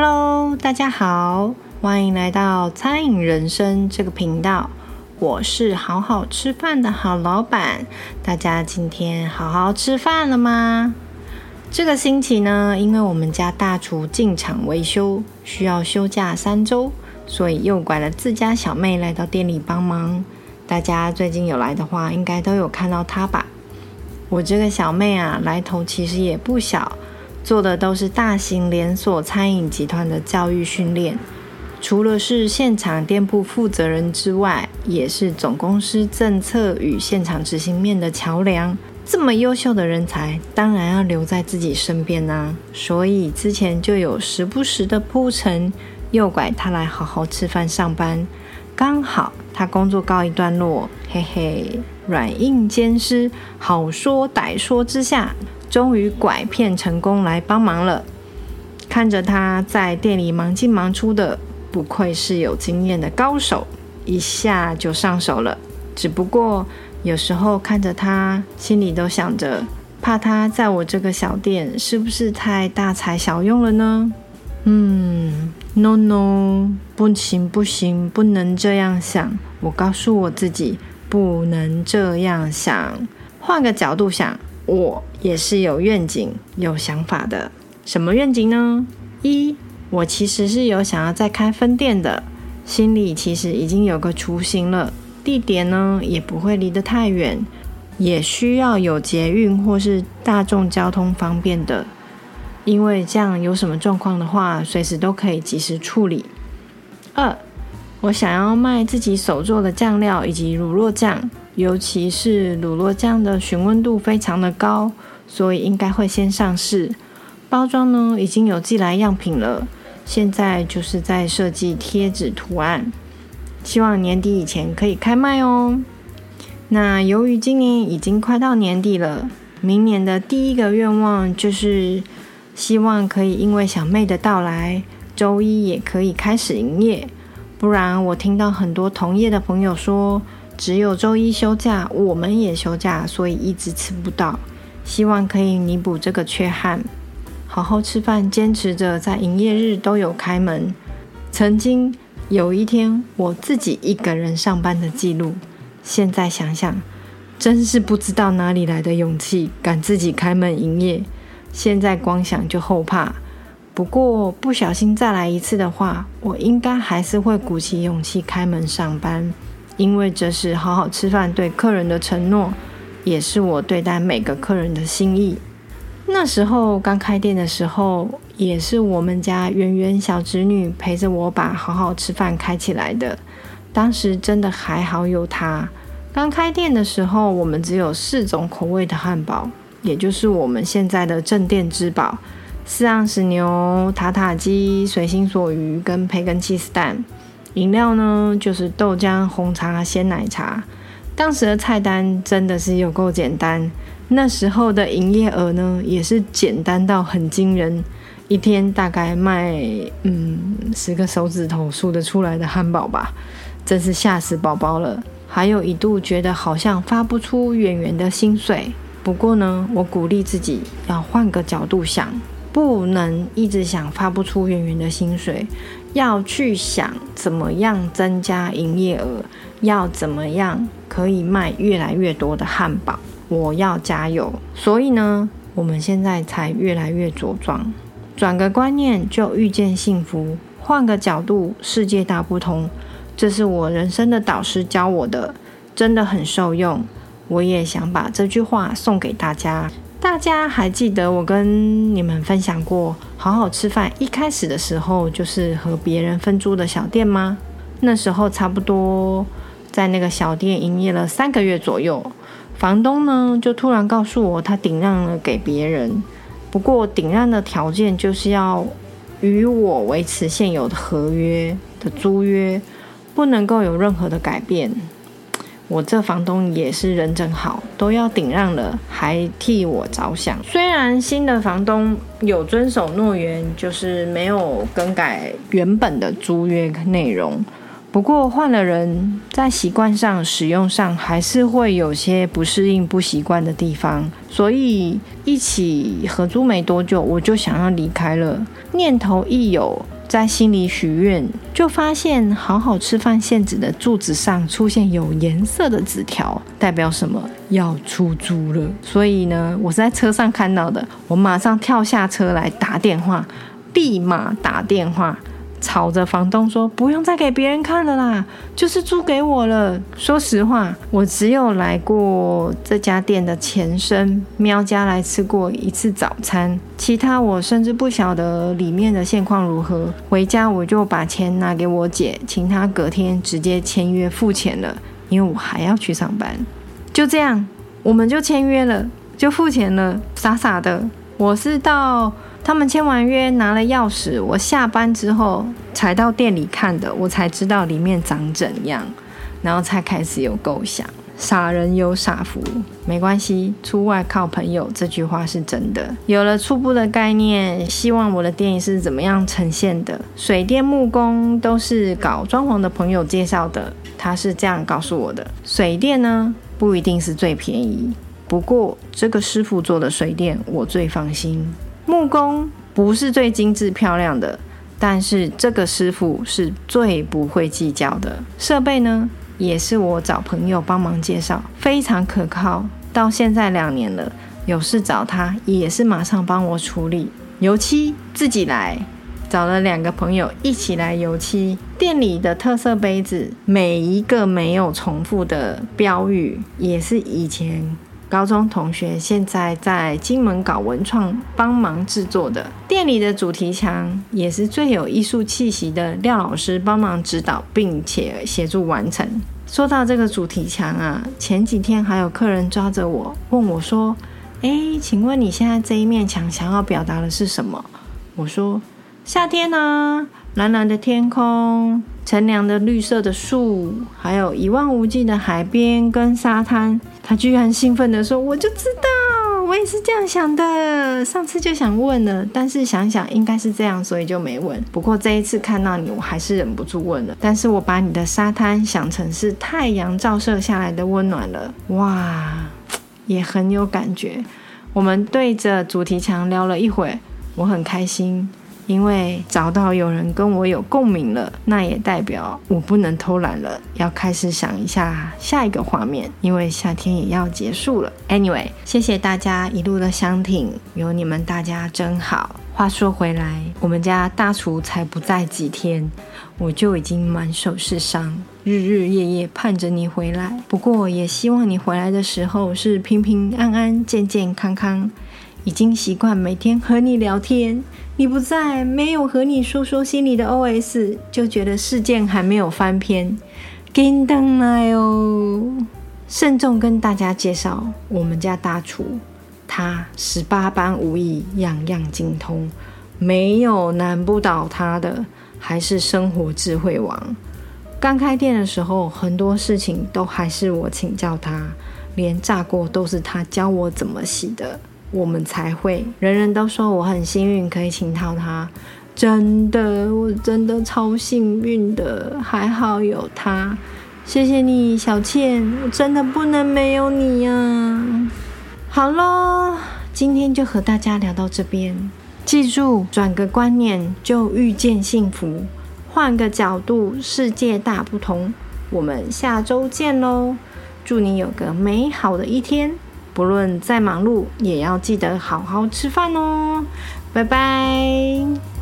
Hello，大家好，歡迎來到餐飲人生這個頻道。我是好好吃飯的好老板，大家今天好好吃飯了嗎？這個星期呢，因為我們家大廚進場維修，需要休假三周，所以誘拐了自家小妹來到店裡幫忙。大家最近有來的話，應該都有看到她吧？我這個小妹啊，來頭其實也不小。做的都是大型連鎖餐飲集團的教育訓練，除了是現場店鋪負責人之外，也是總公司政策與現場執行面的橋梁。這麼優秀的人才，當然要留在自己身邊吶啊。所以之前就有時不時的鋪陳，誘拐他來好好吃飯上班。剛好他工作告一段落，嘿嘿，軟硬兼施，好說歹說之下。終於拐騙成功來幫忙了，看着他在店裡忙進忙出的，不愧是有經驗的高手，一下就上手了。只不過有時候看着他，心裡都想着，怕他在我這個小店是不是太大材小用了呢？嗯，no no，不行不行，不能這樣想。我告訴我自己，不能這樣想，換個角度想。我也是有願景、有想法的。什麼願景呢？一，我其實是有想要再開分店的，心裡其實已經有個雛形了。地點呢，也不會離得太遠，也需要有捷運或是大眾交通方便的，因為這樣有什麼狀況的話，隨時都可以及時處理。二，我想要賣自己手做的醬料以及乳酪醬。尤其是乳酪醬的詢問度非常的高，所以應該會先上市。包裝呢，已經有寄來樣品了，現在就是在設計貼紙圖案，希望年底以前可以開賣哦。那由於今年已經快到年底了，明年的第一個願望就是希望可以因為小妹的到來，周一也可以開始營業，不然我聽到很多同業的朋友說，只有週一休假，我們也休假，所以一直吃不到。希望可以彌補這個缺憾，好好吃飯。堅持着在營業日都有開門。曾經有一天我自己一個人上班的記錄，現在想想，真是不知道哪裡來的勇氣敢自己開門營業。現在光想就後怕。不過不小心再來一次的話，我應該還是會鼓起勇氣開門上班。因為這是好好吃飯對客人的承諾，也是我對待每個客人的心意。那時候剛開店的時候，也是我們家圓圓小侄女陪着我把好好吃飯開起來的。當時真的還好有她。剛開店的時候，我們只有四種口味的漢堡，也就是我們現在的鎮店之寶：四盎司牛、塔塔雞、隨心所欲跟培根起司蛋。飲料呢，就是豆漿、紅茶、鮮奶茶。當時的菜單真的是有夠簡單，那時候的營業額呢，也是簡單到很驚人，一天大概賣嗯十個手指頭數得出來的漢堡吧，真是嚇死寶寶了。還有一度覺得好像發不出圓圓的薪水，不過呢，我鼓勵自己要換個角度想，不能一直想發不出圓圓的薪水。要去想怎麼樣增加營業額，要怎麼樣可以賣越來越多的漢堡，我要加油。所以呢，我們現在才越來越茁壯。轉個觀念就遇見幸福，換個角度世界大不同。這是我人生的導師教我的，真的很受用。我也想把這句話送給大家。大家還記得我跟你們分享過好好吃飯一開始的時候，就是和別人分租的小店嗎？那時候差不多在那個小店營業了三個月左右，房東呢就突然告訴我他頂讓了給別人，不過頂讓的條件就是要與我維持現有的合約的租約，不能夠有任何的改變。我這房東也是人真好，都要頂讓了，還替我着想。雖然新的房東有遵守諾言，就是沒有更改原本的租約內容，不過換了人，在習慣上、使用上還是會有些不適應、不習慣的地方，所以一起合租沒多久，我就想要離開了。念頭一有。在心裡許願，就發現好好吃飯限制的柱子上出現有顏色的紙條，代表什麼？要出租了。所以呢，我是在車上看到的，我馬上跳下車來打電話，立馬打電話。吵着房東說不用再給別人看了啦，就是租給我了。說實話，我只有來過這家店的前身喵家來吃過一次早餐，其他我甚至不曉得裡面的現況如何。回家我就把錢拿給我姐，請她隔天直接簽約付錢了，因為我還要去上班。就這樣，我們就簽約了，就付錢了，傻傻的。我是到。他們簽完約拿了鑰匙，我下班之後才到店裡看的，我才知道裡面長怎樣，然後才開始有構想。傻人有傻福，沒關係，出外靠朋友這句話是真的。有了初步的概念，希望我的電影是怎麼樣呈現的。水電木工都是搞裝潢的朋友介紹的，他是這樣告訴我的。水電呢，不一定是最便宜，不過這個師傅做的水電我最放心。木工不是最精緻漂亮的，但是這個師傅是最不會計較的。設備呢，也是我找朋友幫忙介紹，非常可靠。到現在兩年了，有事找他也是馬上幫我處理。油漆自己來，找了兩個朋友一起來油漆，店裡的特色杯子，每一個沒有重複的標語，也是以前。高中同學現在在金門搞文創，幫忙制作的店裡的主題牆也是最有藝術氣息的。廖老師幫忙指導，並且協助完成。說到這個主題牆啊，前幾天還有客人抓着我問我說：“哎，請問你現在這一面牆想要表達的是什麼？”我說：“夏天呢。”藍藍的天空，乘涼的綠色的樹，還有一望無際的海邊跟沙灘。他居然興奮地說：“我就知道，我也是這樣想的。上次就想問了，但是想想應該是這樣，所以就沒問。不過這一次看到你，我還是忍不住問了。但是我把你的沙灘想成是太陽照射下來的溫暖了，哇，也很有感覺。我們對着主題牆聊了一會，我很開心。因為找到有人跟我有共鳴了，那也代表我不能偷懶了，要開始想一下下一個畫面。因為夏天也要結束了。Anyway，謝謝大家一路的相挺，有你們大家真好。話說回來，我們家大廚才不在幾天，我就已經滿手是傷，日日夜夜盼着你回來。不過也希望你回來的時候是平平安安、健健康康。已經習慣每天和你聊天，你不在，沒有和你說說心裡的 OS，就覺得事件還沒有翻篇。叮當來哦！慎重跟大家介紹我們家大廚，他十八般武藝，樣樣精通，沒有難不倒他的，還是生活智慧王。剛開店的時候，很多事情都還是我請教他，連炸鍋都是他教我怎麼洗的。我們才會，人人都說我很幸運可以請到他，真的，我真的超幸運的，還好有他，謝謝你，小倩，我真的不能沒有你啊。好嘍，今天就和大家聊到這邊，記住，轉個觀念就遇見幸福，換個角度，世界大不同。我們下周見嘍，祝你有個美好的一天。不論再忙碌，也要記得好好吃飯哦。拜拜。